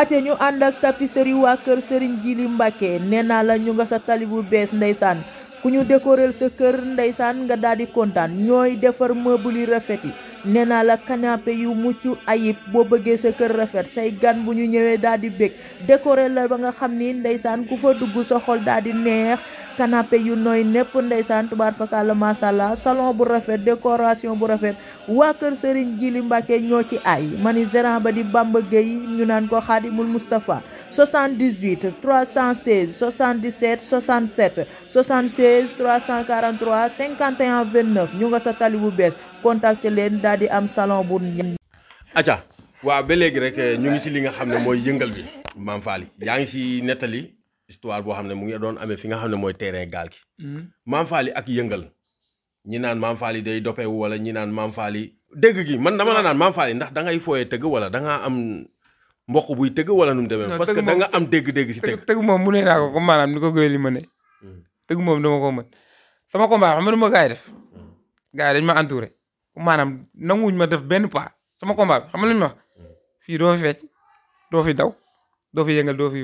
aca ñu ànd ak tapisserie waa kër Serigne Djily Mbacké nee naa la ñu nga sa tali bu bees ndeysaan ku ñu décorer sa kër ndeysaan nga daal di kontaan ñooy defar meuble yi rafet yi nee naa la canapé yu mucc ayib boo bëggee sa kër rafet say gan bu ñu ñëwee daal di bég décorer la ba nga xam ni ndeysaan ku fa dugg sa xol daal di neex canapé yu nooy népp ndeysaan tubaar fakàlla masàlla salon bu rafet décoration bu rafet waa kër Serigne li Mbàkke ñoo ci ay mani gérant ba di Bamba Gueye ñu naan ko Xaadimul Moustapha 78 316 77 67 76 343 51 29 ñu nga sa tali bu bees contacté leen daal di am salon bu aca waa ba léegi rek eh, ñu ngi si li nga xam ne mooy yëngal bi maam Faly yaa ngi si nettali histoire boo xam ne mu ngi doon amee fi nga xam ne mooy terrain gaal gi. Hmm. maam Faly ak yëngal. ñi naan maam Faly day doppewu wala ñi naan maam Faly dégg gi man dama la ah. naan maam ndax da ngay fooyee wala da am mboq buy tëgg wala nu mu demee. parce que da nga am dégg-dégg si tëgg. tëgg moom mu ne ko ma ne. Hmm. moom dama ko mën sama combat xam nga ma gars def. Hmm. gars yi dañ ma entouré. maanaam wuñ ma def benn pas sama combat bi xam nga ñu wax fii doo fi fecc doo fi daw doo fi yëngal doo fi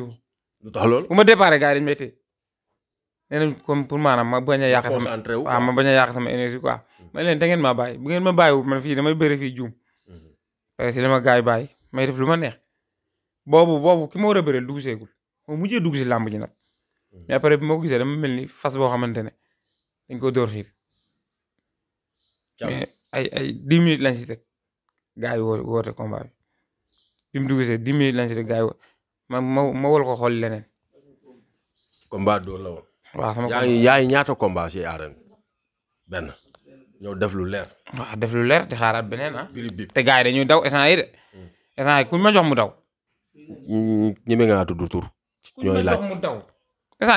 lu loolu bu ma déparé gars yi dañu may téye nee nañ comme pour maanaam ma bañ a yàq sama waaw ma bañ a yàq sama énergie quoi ma leen te ngeen maa bàyyi bu ngeen ma bàyyiwu man fii damay bëri fii juum mhm. parce que ma gars yi bàyyi may def lu ma neex boobu boobu ki ma war a bëreel dugg seegul moom mujjee dugg si làmb ji nag mhm. mais après bi ma ko gisee dama mel ni fas boo xamante ne dañ ko dóor xiir mais ay ay dix minutes lañ si teg gars yi woote woote combat bi bi mu lañ si teg gars ma ma ma wol ko xool leneen. combat dóor la woon. waaw sama yaa ngi yaa ngi def lu leer. waaw def lu leer di beneen ah. te gars yi dañuy daw ma mu daw. ñeme nga tudd tur. ñooy laaj kuñ ma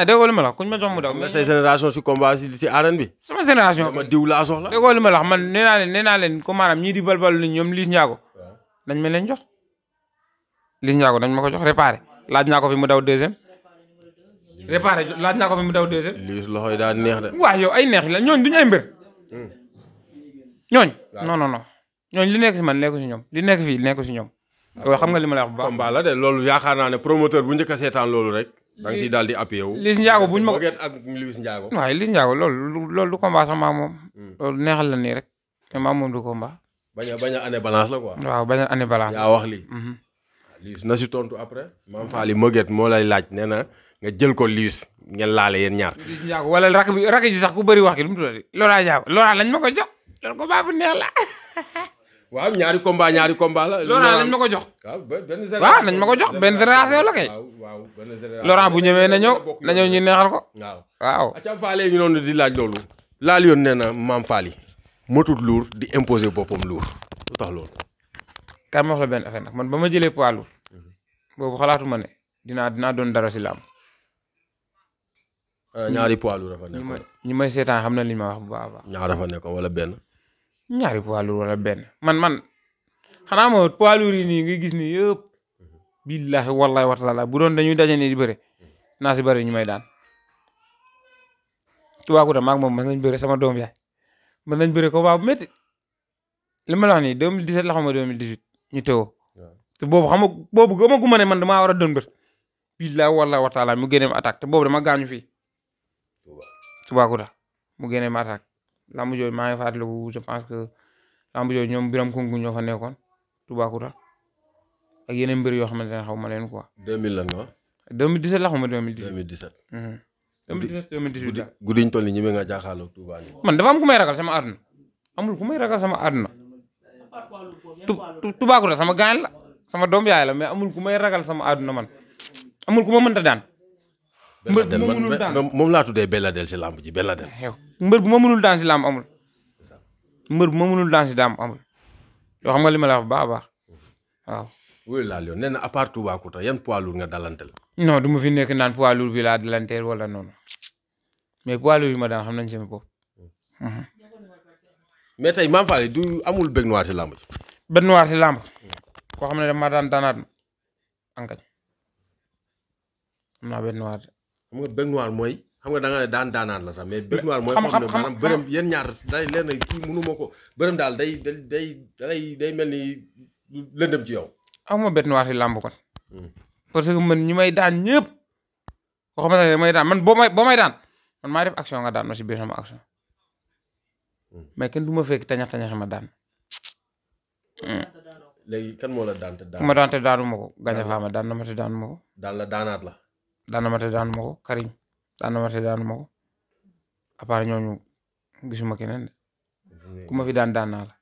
jox ma la kuñ ma jox mu daw. mais say génération si combat si si bi. sama génération ma diw ma la man nee naa leen nee ko maanaam ñii di balbal ni ñoom liis ñaago nañ ma jox. Liss Ndiago dañ ma ko jox réparé laaj naa ko fi mu daw deuxième. réparé laaj naa ko fi mu daw deuxième. loxo yi daal neex de. waaw yow ay neex la ñooñ duñu ay mbër. Hmm. ñooñ non non non ñooñ li nekk si man nekku si ñoom lu nekk fii nekku si ñoom. waaw xam nga li ma la wax bu baax. loolu yaakaar naa ne promoteur bu njëkk a seetaan loolu rek. da nga siy daal di appuyé wu. Liss Ndiago buñ ma ko ak Liss Ndiago. waaye Liss Ndiago loolu loolu du combat sax maa moom. Hmm. loolu neexal la nii rek. mais maa moom du combat. bañ bañ a année la quoi. waaw bañ a wax lii. Mhm. liis na si tontu après. maam Faly Moget moo lay laaj nee na nga jël ko liis ngeen laale yéen ñaar. wala rakk bi rakk ji sax ku bëri wax ki lu mu tuddati Lora lañ ma ko jox loolu combat bu la. waaw ñaari combat ñaari combat la. ko jox. waaw benn génération waaw nañ ma ko jox benn génération la kay. waaw benn génération bu ñëwee na ñëw na ñëw ñu neexal ko. waaw waaw. acca Faly ñu noonu di loolu. laal yoon nee na maam Faly motut luur di imposer boppam luur lu tax loolu. kar ma la benn affaire nag man ba ma jëlee poids lourd boobu xalaatu ma ne dinaa dinaa doon dara si làmb. Euh, ñaari poids lourd dafa nekkoon may seetaan na li ma wax bu baax a baax. ñaar wala benn. ñaari poids lourd benn man man xanaa ma poids yi nii nga gis nii yëpp. billaahi wallaahi wataala bu doon dañuy daje ni di bëre naa si bëri ñu may daan. Toubacouta maag moom mën nañ bëre sama doom yaay mën nañ bëre ko waa bu métti li ma la wax nii 2017 la ñu teewoo. te boobu xam nga boobu gëmaguma ne man damaa war a doon mbër. billaahi wallaahi mu génneem attaque te boobu dama gaañu fii. Tubaakuta mu génneem attaque. lamb jooju maa ngi fàttaliku je pense que lamb jooju ñoom biram kungu ñoo fa nekkoon Tubaakuta a yeneen mbir yoo xamante ne xaw ma leen quoi. 2000 lan la xawma 2017 2017. 2017 2018 guddi guddi ñu toll nii ñeme man dafa am ku ragal sama àdduna amul ku may ragal sama àdduna Toubacouta sama gaan la sama doom yaay la mais amul ku may ragal sama àdduna man amul ku ma mënta daan. mbër bu ma mënul daan moom laa tuddee Belladel si làmb ji Belladel. mbër bu ma mënul daan si làmb amul. mbër bu ma mënul daan si làmb amul. yoo xam nga lima ma la wax bu baax a baax waaw. wóor laa yoon nee na à part yan poids nga dalanteel. non du ma fi nekk naan poids lourd bi laa dalanteel wala noonu mais poids lourd yi ma daan xam nañ sama bopp. Hmm. Mhm. mais tey Mame Fally du amul bég noir ci làmb ji. bég noir koo xam ne dama daan daanaat ankañ am naa bég noir. mooy xam nga da nga la sax mais. bég noir mooy xam ne maanaam bërëm yéen ñaar day leer na kii mënu ma ko bërëm daal day day day mel ni lëndëm ci yow. amuma bég noir ci làmb kon. Hmm. parce que mën ñi may daan ñëpp. koo xamante ne may daan man boo may boo daan man maa def action nga daan ma si biir sama action. mais kenn du ma fekk tañax tañax ma daan. Hmm. léegi kan moo la daan te daan ma daan daanu ma ko. gaña faama daan na ma te daanu ma ko. daan la daanaat la. daan na ma te daanu ma ko Karim daan ma te daanu ma ko à ñooñu gisuma keneen de ku fi daan daan naa la.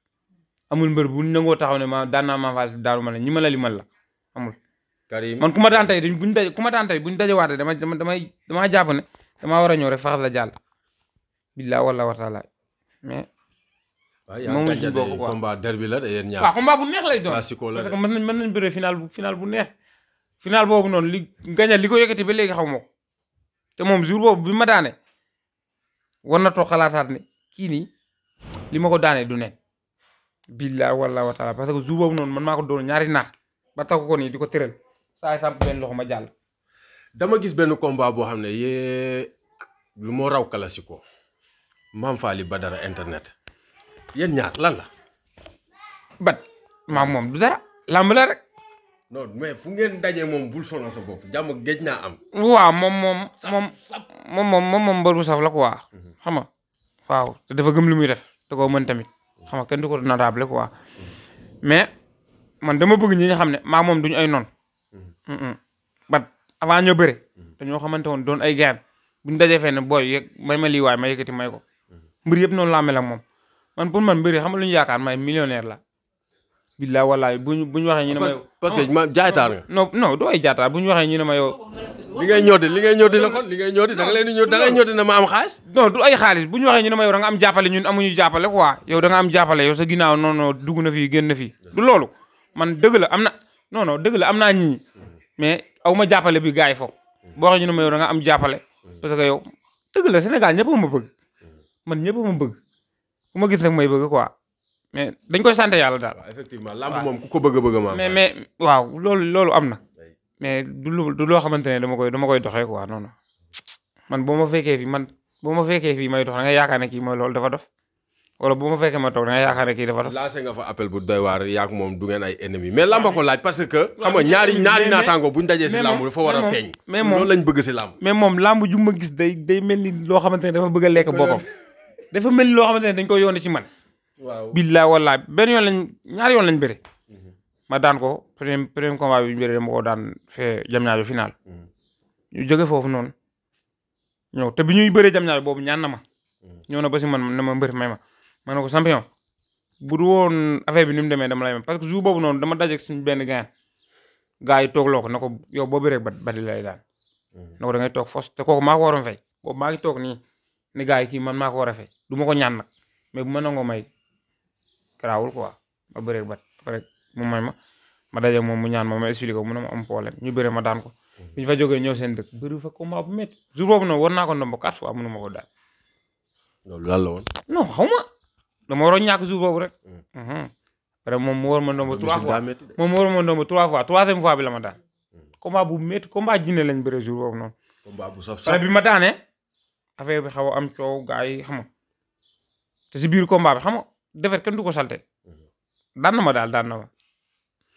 amul mbër bu nangoo taxaw ne ma daan naa ma daanu ma la ñi mal la limal la amul. Karim man ku ma daan tey duñ buñ daje ku ma daan tey buñ dajewaatee dama damay damaa jàpp ne damaa war a ñëw rek faxas la jàll. billaa wala wa mais. moom suñu bokk quoi combat derby la yéen ñaar. waaw combat bu neex lay doon parce que mën nañ mën nañ final bu final bu neex. final boobu noonu li gañal li ko yëkkati ba léegi xaw ma te moom jour boobu bi ma daane war na toog xalaataat ne kii nii li ma ko daanee du nen. billaa wallaa wa taala parce que jour boobu noonu man maa ko doon ñaari naax ba takku ko nii di ko tëral saa samp benn loxo ma jàll. dama gis benn combat boo xam ne yee lu moo raw classico maam ba dara internet yéen ñaar lan la. bat maam moom du dara làmb la rek. non mais fu ngeen dajee moom bul sonal sa bopp jàmm géej naa am. waaw moom moom moom moom moom moom mbër bu la quoi. Mhm. xam nga te dafa gëm lu muy def da koo mën tamit mhm. xam nga kenn du ko notable quoi mais man dama bëgg ñi nga xam ne maa moom duñu ay noon mhm. bat avant ñoo bëre dañoo xamante woon doon ay gaan buñ dajee fenn booy yeeg may ma lii waay ma yëkkati may ko. mbir yëpp noonu la mel moom man pour man mbir yi xam nga lu ñu yaakaar may millionnaire la. billaay wallaay bu ñu bu ñu waxee ñu ne ma. bu ñu waxee ñu ne ma yow. li ngay ñooti li ngay ñooti la kon li ngay ñooti da nga leen di ñooti da ngay ma am xaalis. non du ay xaalis bu ñu waxee ñu ma yow da am jàppale ñun amuñu jàppale quoi yow da am jàppale yow sa ginnaaw non dugg na fii génn na fii du loolu man dëgg la am na non non dëgg la am naa ñii mais aw ma jàppale bi gars yi foofu boo waxee ñu ne ma yow da am jàppale parce que yow dëgg la Sénégal ñëpp ma man ñëpp bëgg ku ma gis nag may bëgg quoi mais dañ koy sant yàlla daal. effectivement làmb moom ku ko bëgg a bëgg ma mais mais waaw loolu loolu loo xamante ne dama koy dama koy doxee quoi non non man boo ma fekkee fii man boo ma fekkee fii may dox da nga yaakaar moom du ngeen que. a feeñ. mais moom loolu lañ bëgg si làmb. mais moom làmb ju ma gis day mel ni loo xamante ne dafa bëgg lekk boppam. dafa mel loo xamante ne dañ ko yoon ci man. waaw billaa wallaa benn yoon lañ ñaari yoon lañ bëre. Mhm. ma daan ko premier premier combat bi ñu bëre dama ko daan fee jamñaajo final. Mhm. ñu jóge foofu noon ñëw te bi ñuy bëree jamñaajo boobu ñaan na ma. Mhm. ñëw na ba si man na ma mbër may ma ma ne ko champion. bu du woon affaire bi ni mu demee dama lay mel parce que jour boobu noonu dama dajeeg suñu benn gaañ. gaa yi toogloo ko na ko yow boo bëree ba ba daan. na ko da ngay toog fos te kooku ngi toog ne gars yi kii man maa ko war a du ma ko ñaan nag mais bu ma nangoo may garaawul quoi ma bëreeg bat mu may ma ma daje moom mu ñaan ma ma expliqué ko mu ne ma am problème ñu ma daan ko. bi ñu fa jógee ñëw seen dëkk bëri fa combat bu ko ndombo quatre fois mënu ma ko daal. loolu lan la woon. non xaw ma dama waroon ñàkk jour boobu rek. Hmm. Mhm. après moom mu war ma ndombo trois fois mu war ma ndombo trois fois troisième fois bi la ma daan. Hmm. combat bu métti combat jinne lañ bëre jour boobu noonu. combat bu saf saf bi ma daanee. affaire bi xaw a am coow gars yi te si biir combat bi xam nga defet kenn du ko salte mhm. daan na ma daal daan na ma.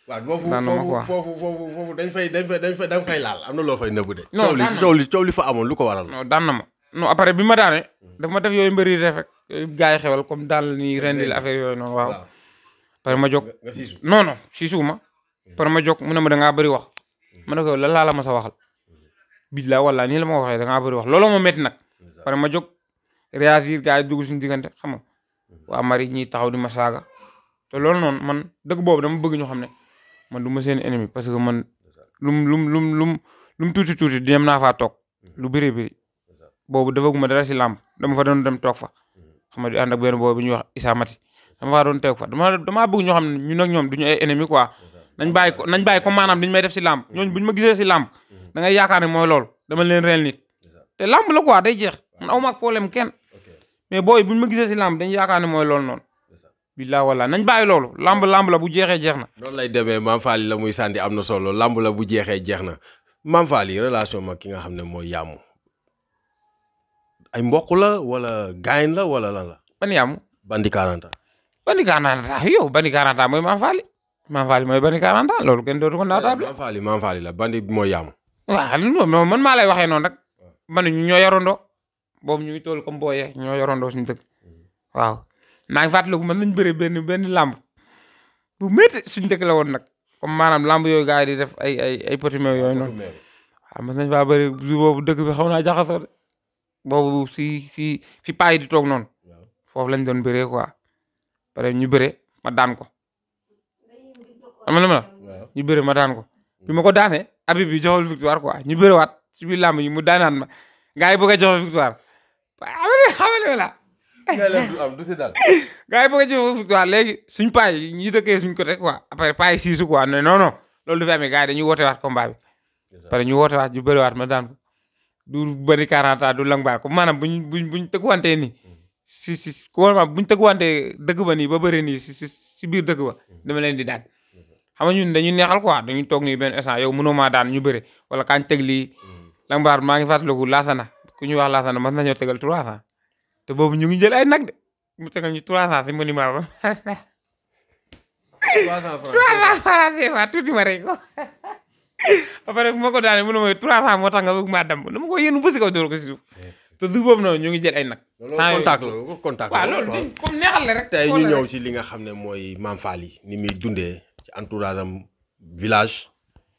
waaw foofu foofu foofu foofu dañ fay dañ fay dañ fay laal am na loo fay nëbbu de. non daan coow li coow li fa amoon lu ko waral. non daan na ma non après bi ma daanee. Mhm. daf ma def yooyu mbëri def rek euh, gars xewal comme daal la ñuy rendil affaire yooyu noonu waaw. pare ma jóg nga siisu non non ma. Mhm. pare ma jóg mu ne ma da ngaa bëri wax. ma ne ko lan laa la ma sa waxal. billaay wallaahi nii la ma ko waxee da ngaa bëri wax looloo ma métti pare ma jóg réagir gars yi diggante xam waa mari ñiy taxaw di ma saaga te loolu noonu man dëgg boobu dama bëgg ñu xam ne man du ma seen ennemi parce que man lum lum lum lum lu bëri bëri boobu defaguma dara si làmb dama fa doon dem toog fa xam nga di ànd ak benn dama faa doon toog fa dama dama bëgg ñoo xam ne ñun ak ñoom duñu ay ennemi quoi nañ bàyyi ko nañ bàyyi ko maanaam dañu may def si làmb ñooñu buñu ma gisee si làmb da ngay yaakaar ne mooy loolu dama leen reel nit te làmb la quoi day jeex man aw ma ak problème kenn. mais booy bu ñu ma gisee si làmb dañu yaakaar ne mooy loolu noonu. billaa walla nañ bàyyi loolu lamb lamb la bu jeexee jeex na. loolu lay demee maam Faly la muy sànni am na solo lamb bu jeexee jeex na maam ma ki nga xam ne mooy yàmmu ay la wala gaañ la wala la. ban yàmmu. bandi 40 ans. bandi 40 ans yow loolu kenn dootu ko naataable. la bandi mooy yàmmu. waaw man maa lay waxee noon rek man ñoo yarandoo. boobu ñu toll comme booyee ñoo yorandoo suñu dëkk waaw naa ngi fàttaliku mën nañ bëre benn benn làmb bu métti suñu la woon nag comme maanaam làmb yooyu gars di def ay ay ay potimeew yooyu noonu waaw mën nañ faa bëri bu dëkk bi xaw naa jaxasoo de boobu si si fi paa di toog noonu foofu lañ doon bëree quoi pare ñu bëre ma daan ko xam ma ñu bëre ma daan ko bi ma ko daanee abi bi joxul victoire quoi ñu bëre waat si bi làmb yi mu daanaat ma gars yi bëgg a xamal ma la. du si dal. gars yi bëgg ci waaw léegi suñ paa yi ñu dëkkee suñ côté quoi après paa yi siisu quoi non non loolu fi amee gars yi dañuy woote waat combat pare ñu woote waat ñu bëri waat ma daan ko du bëri 40 ans du lang baar ko bu buñ buñ buñ nii. si si ko ma buñ tëgguwantee dëgg ba nii ba bëri nii si si si biir dëgg ba mm. dama leen di daan. xam nga ñun dañuy neexal quoi dañuy toog nii benn instant yow mënoo maa daan ñu bëri wala kañ teg lii. Mm. lang baar maa ngi fàttaliku laasana ku ñuy wax laasana mën nañoo tegal 300 te boobu ñu ngi jël ay nag de mu tegal ñu 300 si monument ba. 300 francs 300 francs CFA tuuti ma rek ko. après bu ma ko daanee mu ne mooy 300 moo tax nga bëgg maa dam dama ko te boobu noonu ñu ngi jël ay nag. temps contact la contact la waaw ñu ñëw si li nga xam ne mooy maam Faly ni muy dundee ci entourage am village.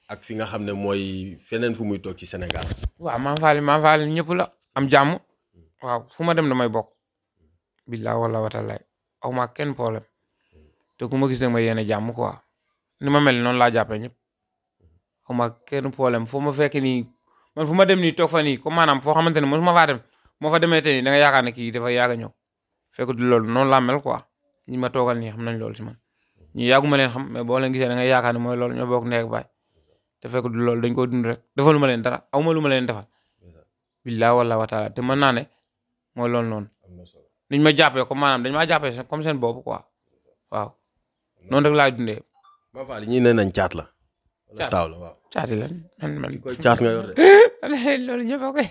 ak fi nga xam ne mooy feneen fu muy toog ci Sénégal. waaw Mame Faly Mame Faly ñëpp la am jàmm. waaw fu ma dem damay bokk billaa wala watalaay aw ma kenn problème te ku ma gis nag ma jàmm quoi ni ma mel noonu laa jàppee ñëpp aw ma kenn problème fu ma fekk nii fu ma dem nii toog fa nii comme maanaam foo xamante ne mosuma faa dem moo fa te nii yaakaar ne kii dafa yaaga ñëw fekk du loolu mel quoi ñi ma toogal nii xam nañ loolu si man ñi yàgguma leen xam boo leen gisee da nga yaakaar ne mooy loolu ñoo bokk nekk baay te fekk loolu dañ ko dund rek defaluma leen dara awma lu ma leen defal wala wataala te mën naa ne mooy loolu noonu. niñ ma jàppee comme maanaam dañ maa jàppee comme seen bopp quoi waaw noonu rek laay dundee. ma faal ñii nee nañ caat la. caat taaw la waaw caati lan man man. koy caat nga yor de. loolu ñëpp a koy.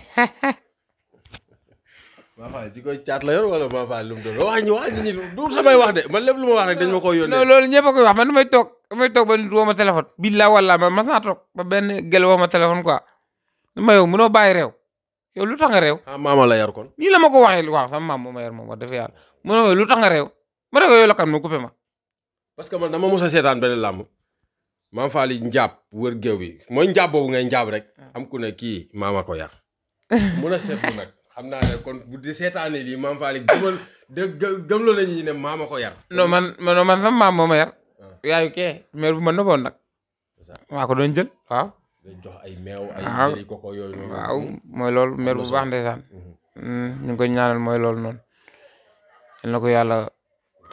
maa faal ci koy caat la yor wala maa faal lu mu wax ñu wax wax de man lépp lu ma wax rek dañ ma koy yónnee. non loolu a man damay toog damay toog ba nit woo ma téléphone. billaa wallaa man mas naa toog ba benn gel woo ma téléphone quoi. ma yow mënoo bàyyi yow lu tax nga réew. Ah, maama la yar kon. nii la ma ko waxee waaw sama maam moo ma moom que man dama mos a seetaan benn làmb maam Faly njaab wër géew bi am ku kii maama ko yar mun a seetlu nag xam naa ne kon bu di seetaanee lii maam Faly gëmal de gëmloo nañu ñu ne maama ko yar. non man man maam moo ma yar. Ah. yaayu kee mère bu ma nëboon nag. maa ko doon jël waaw. jox ay meew ay jëli waaw mooy loolu mère bu baax ndeysaan mm-hmm. mm, ñu ngi koy ñaanal mooy loolu noonu yal na ko yàlla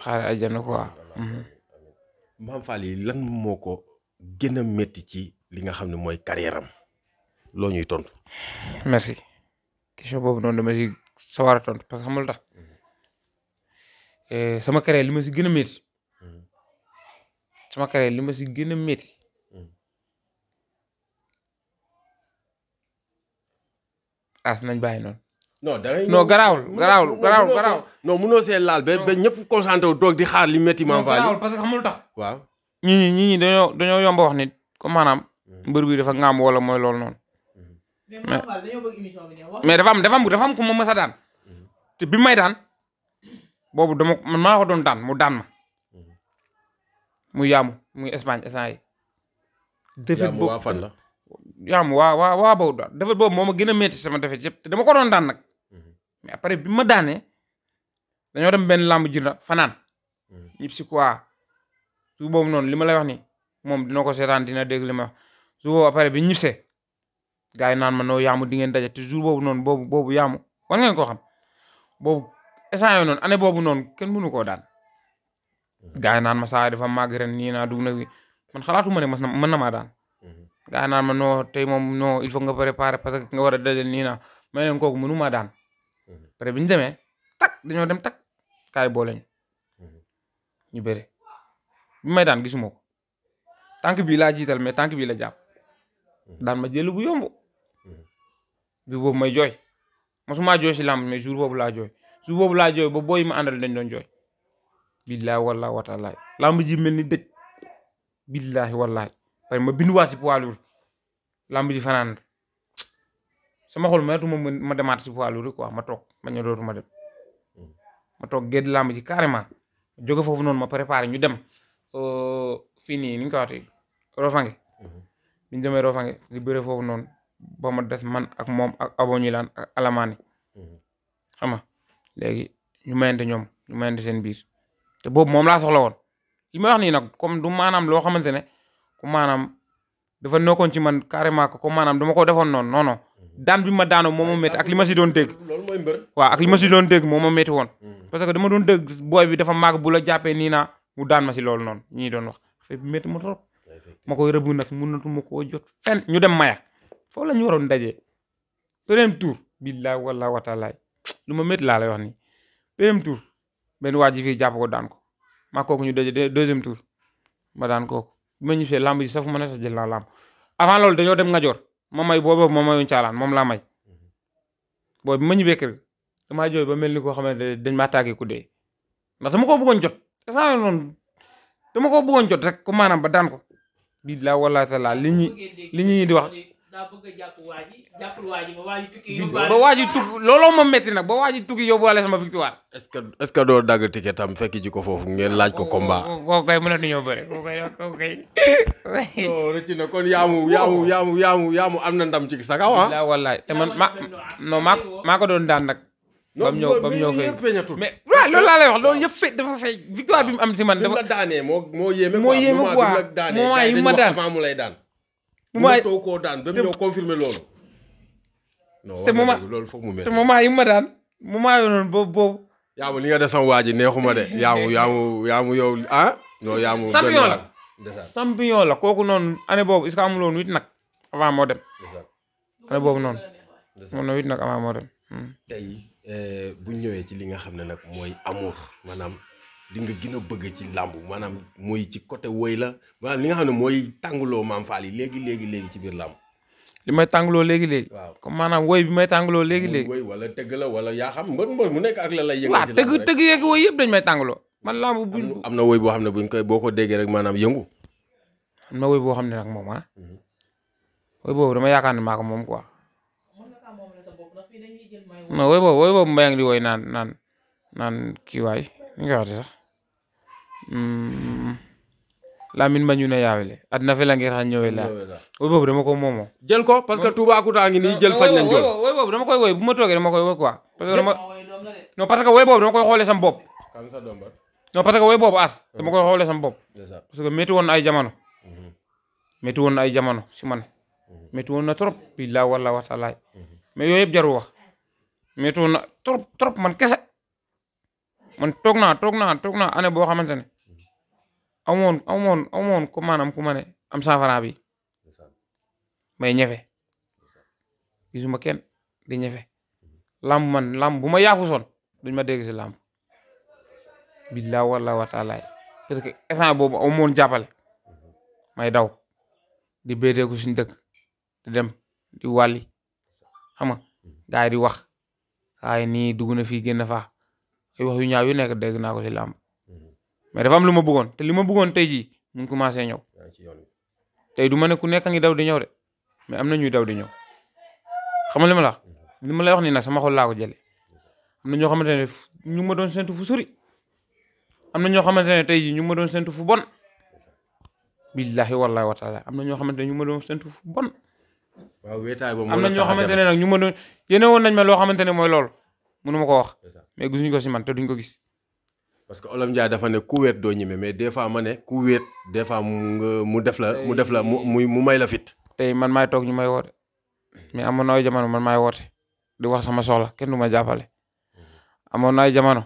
xaare àjjana quoi mm-hmm. Mame Fall yi lan moo ko gën a métti ci li nga xam ne mooy carrière loo ñuy tontu merci question boobu noonu dama si sawar a tontu parce que xamul mm-hmm. eh, sama carrière li ma si gën a métti sama as nañ bàyyi noonu. non da ngay non garaawul garaawul garaawul garaawul. non munoo see laal ba ba ñëpp concentré wu toog di xaar li métti ma. garaawul parce que xamul tax. waaw ñii ñii dañoo dañoo yomb wax nit comme maanaam. Mm. mbër bi dafa ŋaam wala mooy loolu noonu. mais mais dafa am dafa am dafa am ku ma mës daan. Mm. te bi may daan boobu dama man maa ko doon daan mu daan ma. Mm. mu yaamu muy Espagne instant defet boobu yoo xam waa waa waa boobu defet boobu moo ma gën a métti sama defet yëpp te dama ko doon daan nag mhm. mais après bi ma daane dañoo dem benn làmb ji la fanaan mhm. ñib si quoi su boobu noonu li ma lay wax ni moom dina ko seetaan dina dégg ma wax su boobu après bi ñib see yi naan ma noo yaamu di ngeen daje jour boobu noonu boobu boobu yaamu war ngeen koo xam boobu instant yooyu noonu boobu noonu kenn mënu koo daan mhm. gars naan ma saa dafa màgg ren nii naa dugg nag man xalaatuma ne ma na mën na maa daan gaa naan ma non tey moom non il faut nga préparer parce que nga war a dajal nii naa ma ne leen kooku mënu maa daan pare bi ñu demee tak dañoo dem tak kaay boole ñu ñu bëre bi may daan gisuma ko tànk bii laa jiital mais tànk bii la jàpp daan ma jël bu yomb bi boobu may jooy mosuma jooy si làmb mais jour boobu laa jooy jour boobu laa jooy ba booy ma àndal dañ doon jooy billaahi wallaahi wataalaahi làmb ji mel ni dëj billaahi wallaahi pare ma binduwaat si poids lourd lamb ji fanaan sama xol mayatuma ma demaat si poids lourd quoi ma toog ma ñëw dootuma dem ma toog gédd lamb ji carrément jóge foofu noonu ma préparé ñu dem euh, fii nii ni ñu ko waxee Rofange mhm. bi demee Rofange li bëre foofu noonu ba ma des man ak moom ak abo ñu laan ak alamaani mhm. xam nga léegi ñu mayante ñoom ñu mayante seen biir te boobu moom laa soxla woon li may wax nii nag comme du maanaam loo xamante ne. comme maanaam dafa nekkoon ci man carrément que comme maanaam dama ko defoon noonu non non daan bi ma daano moo ma métti ak li ma si doon dégg. loolu mooy ak li ma si doon dégg moo ma métti woon. Hmm. parce que dama doon dégg booy bi dafa màgg bu la jàppee nii naa mu daan ma si loolu noonu ñi doon wax affaire bi métti ma trop. ma koy rëbb mun mënatu ma koo jot fenn ñu dem maya foofu la ñu waroon dajee. deuxième tour billaay wala wataalaay lu ma métti laa lay wax nii deuxième tour benn waa ji fii jàpp ko daan ko maa kooku ñu daje deuxième tour ma daan bi ma ñibbisee lamb safu ma ne sax jël naa lamb avant loolu dañoo dem Ngajoor ma may boobu ma mayuñ caalaan moom laa may boobu bi ma ñibbee kër damaa jooy ba mel ni koo xam ne dañ ma tàggee ku dee ndax dama ko bëggoon jot saa noonu dama ko bëggoon jot rek ko maanaam ba daan ko bii laa wala ta laa li di wax daa bëgg a jàpp waa ba waa ji tukki yóbbaale looloo ma métti nag ba waa ji tukki yóbbaale sama victoire. est-ce que est-ce que doo dagg ticket tam fekk ji ko foofu ngeen laaj ko combat. kooku kay mënatuñoo bëre kooku kay kooku oh, na kon yaamu yaamu yaamu am na ndam ci sa kaw ah. te man ma non ko doon daan nag. ba mu ñëw ba mu ñëw feeñ mais waaw loolu laa lay fe dafa fay victoire bi mu am si man. dafa fi mu la daanee moo moo yéeme. moo ma daan moment taw koo daan ba loolu. te moment loolu foog mu métti te moment yi ma daan moment li nga def waa ji neexuma de yaamu yaamu yow ah. non yaamu champion la champion la kooku noonu année boobu est-ce que amul nag avant moo dem. année na huit nag hmm. eh, bu ñëwee ci li nga xam ne nag mooy amour maanaam. li nga gën bëgg ci làmb maanaam mooy ci côté woy la maanaam li nga xam ne mooy tàngaloo maam Fall yi léegi léegi léegi ci biir làmb. li may tàngaloo léegi léegi. waaw comme maanaam woy bi may tàngaloo léegi léegi. woy wala tëgg la wala yaa xam mbër mu nekk ak la lay. yëngal ci làmb waaw woy yëpp dañ may tàngaloo. man làmb bu am na woy boo xam ne buñ koy boo ko déggee rek maanaam yëngu. woy boo xam ne nag moom ah. Mhm. woy boobu dama yaakaar ne maa moom quoi. non woy boobu woy boobu Mbayang di woy naan naan naan mi nga watte sax mm. Lamine Bañu na yaawele adna fe la ngir xan ñëwee laa woy boobu dama ko moomoo jël ko parce que Toubacouta ngi nii jël faj nañ jël woy boobu dama koy woy bu ma tooge dama ko woy quoi parce que dama non parce que woy boobu dama koy xoolee sam bopp non parce que woy boobu as mm-hmm. dama koy xoolee sam bopp parce que métti woon na ay jamono métti mm-hmm. woon na ay jamono si man métti mm-hmm. woon na trop billaa wala wa taalaay mais yooyu yëpp jaru wax métti trop trop man kese man toog naa toog naa toog naa année boo xamante ne amoon amoon amoon ku maanaam ku ma am saafara bi may ñefe gisuma kenn di ñefe làmb man làmb bu ma yaafu son duñ ma dégg si làmb billaa wala wataalaay parce que instant boobu amoon jàppale may daw di béeteeku suñ dëkk di dem di wàlli xam nga di wax gaa yi nii dugg na fii génn ay wax yu ñaaw yu nekk dégg naa ko ci làmb mhm. mais dafa am lu ma bëggoon te li ma bëggoon tey jii mu ngi commencé ñëw tey du ma ne ku nekk ngi daw di ñëw de mais am na ñuy daw di ñëw xam nga li ma la wax mhm. ma lay wax nii nag sama xol laa ko jëlee am na ñoo xamante ne ñu ma doon séntu fu sori am na ñoo xamante ne tey jii ñu ma doon séntu fu bon billahi wallahi wa taala am na ñoo xamante ne ñu ma doon séntu fu bon. waaw boobu am na ñoo xamante ne nag ñu ma doon yéene woon nañ ma loo xamante ne mooy loolu mënu ko wax. mais gisuñu ko si man te duñ ko gis. parce que Olof Ndiaye dafa ne ku weet doo ñeme mais des fois ma ne ku weet des fois mu def la mu def la mu mu may la fit. tey man maay toog ñu may woote mais amoon na ay jamono man maay woote di wax sama soxla kenn du ma jàppale amoon na ay jamono.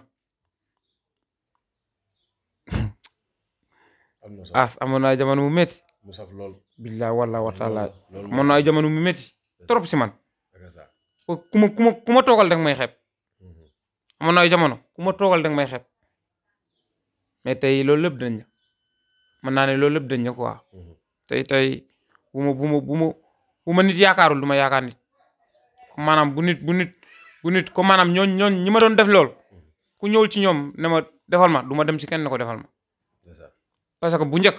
ah amoon na jamono mu métti. mu saf lool. billaahi wallaahi wa taala amoon na ay jamono mu métti trop si man. ku ma ku ma ku ma toogal may xeeb. amoon na ay jamono ku ma toogal danga may xeeb mais tey loolu lépp dañ na mën naa ne loolu lépp dañ na quoi mhm. tey tey bu ma bu ma bu ma bu ma nit yaakaarul du ma yaakaar nit comme maanaam bu nit bu nit bu nit comme maanaam ñooñ ñooñ ñi ma doon def lool ku ñëwul ci ñoom ne ma defal ma du ma dem ci kenn ne ko defal ma parce que bu njëkk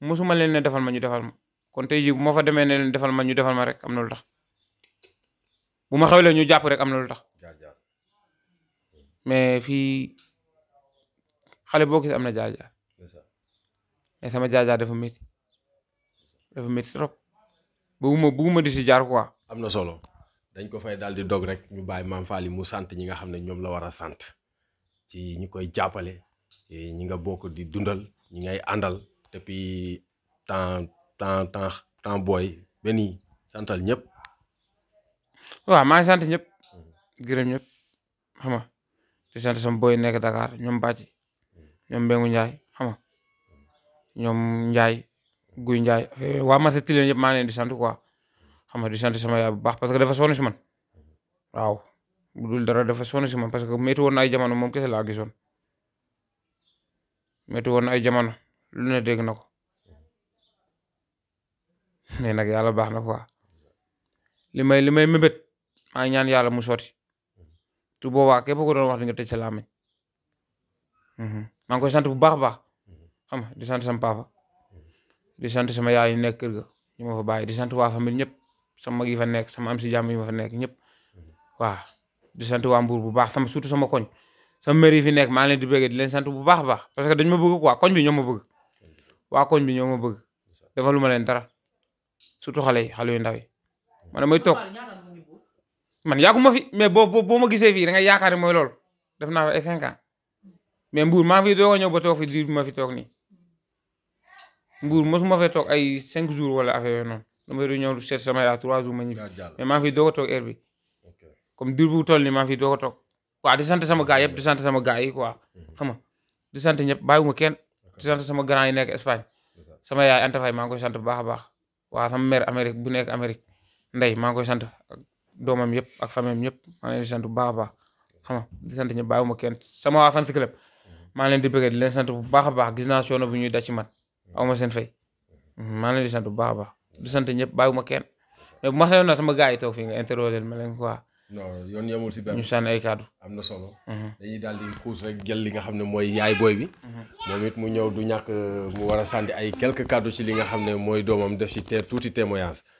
mosuma leen ne defal ma ñu defal ma kon tey ji bu ma fa demee ne leen defal ma ñu defal ma rek am na lu tax bu ma xewlee ñu jàpp rek am na lu tax mais fii xale boo gis am na jaar-jaar mais sama jaar-jaar dafa métti dafa métti trop bëgguma bëgguma di si jaar quoi. am na solo dañ ko fay daal di dog rek ñu bàyyi maam li mu sant ñi nga xam ne ñoom la war a sant ci ñi koy jàppale ñi nga bokk di dundal ñi ngay àndal depuis temps temps temps temps booy ba nii santal ñëpp. waaw maa ngi sant ñëpp gërëm ñëpp xam di sant sama boy nekk Dakar ñoom Bàcci ñoom Mbengu njaay xam nga ñoom Ndiaye Guy Ndiaye waa Massa Tilène yëpp maa ngi leen di sant quoi xam sama yaay bu baax parce que dafa sonn si man waaw bu dul dara dafa sonn si parce que métti woon ay jamono moom kese laa gisoon métti woon na ay jamono lu ne dégg na ko mais nag yàlla baax na quoi li may mébét maa ñaan yàlla mu sotti. su boobaa képp ko doon wax di nga tëj sa làmmiñ maa ngi koy sant bu baax a baax xam nga di sant sama papa di sant sama yaay yu nekk kër ga ñu ma fa baax mhm. di sant waa famille ñëpp sama mag yi fa nekk sama am si jàmm yi ma fa nekk ñëpp waaw di sant waa Mbour bu baax sama surtout sama koñ sama mère yi fi nekk maa leen di bëgg di leen sant bu baax baax parce que dañ ma bëgg quoi koñ bi ñoo ma bëgg mhm. waa koñ bi ñoo ma bëgg defaluma leen dara surtout xale yi xale yu ndaw yi man damay toog. man yàggu ma fi mais boo boo ma gisee fii da nga yaakaar ne mooy loolu def naa fa ay cinq ans mais Mbour maa fi doog a ñëw ba toog fi diir bi ma fi toog nii Mbour mosuma fee toog ay cinq jours wala affaire yooyu noonu dama doon ñëw seet sama yaa trois jours ma ñibbi mais maa fi doog a toog heure bi comme diir bu toll nii maa fi doog a toog quoi di sant sama gars yëpp di sant sama gars yi quoi mhm. xam nga di sant ñëpp bàyyiwuma kenn sant sama grand yi nekk Espagne sama yaay Anta maa ngi koy sant bu baax a baax waa sama mère Amérique bu nekk Amérique Ndeye maa ngi koy sant doomam yëpp ak famem yëpp maa ngi leen di sant bu baax a baax xam nga di sant ñu bàyyiwuma kenn sama waa fans club maa leen di bëggee di leen sant bu baax a baax gis naa coono bu ñuy daj ci man aw ma seen fay maa leen di sant bu baax a baax di sant ñëpp bàyyiwuma kenn mais bu ma sañoon na sama gars yi toog fii nga interroger ma leen quoi. non si benn ñu sànni ay kàddu am na solo. Mhm. dañuy daal di xuus rek jël li nga xam ne mooy yaay booy bi. Mhm. moom it mu ñëw du ñàkk mu war a sànni ay quelques kàddu ci li nga xam ne mooy doomam def ci te tuuti témoignage.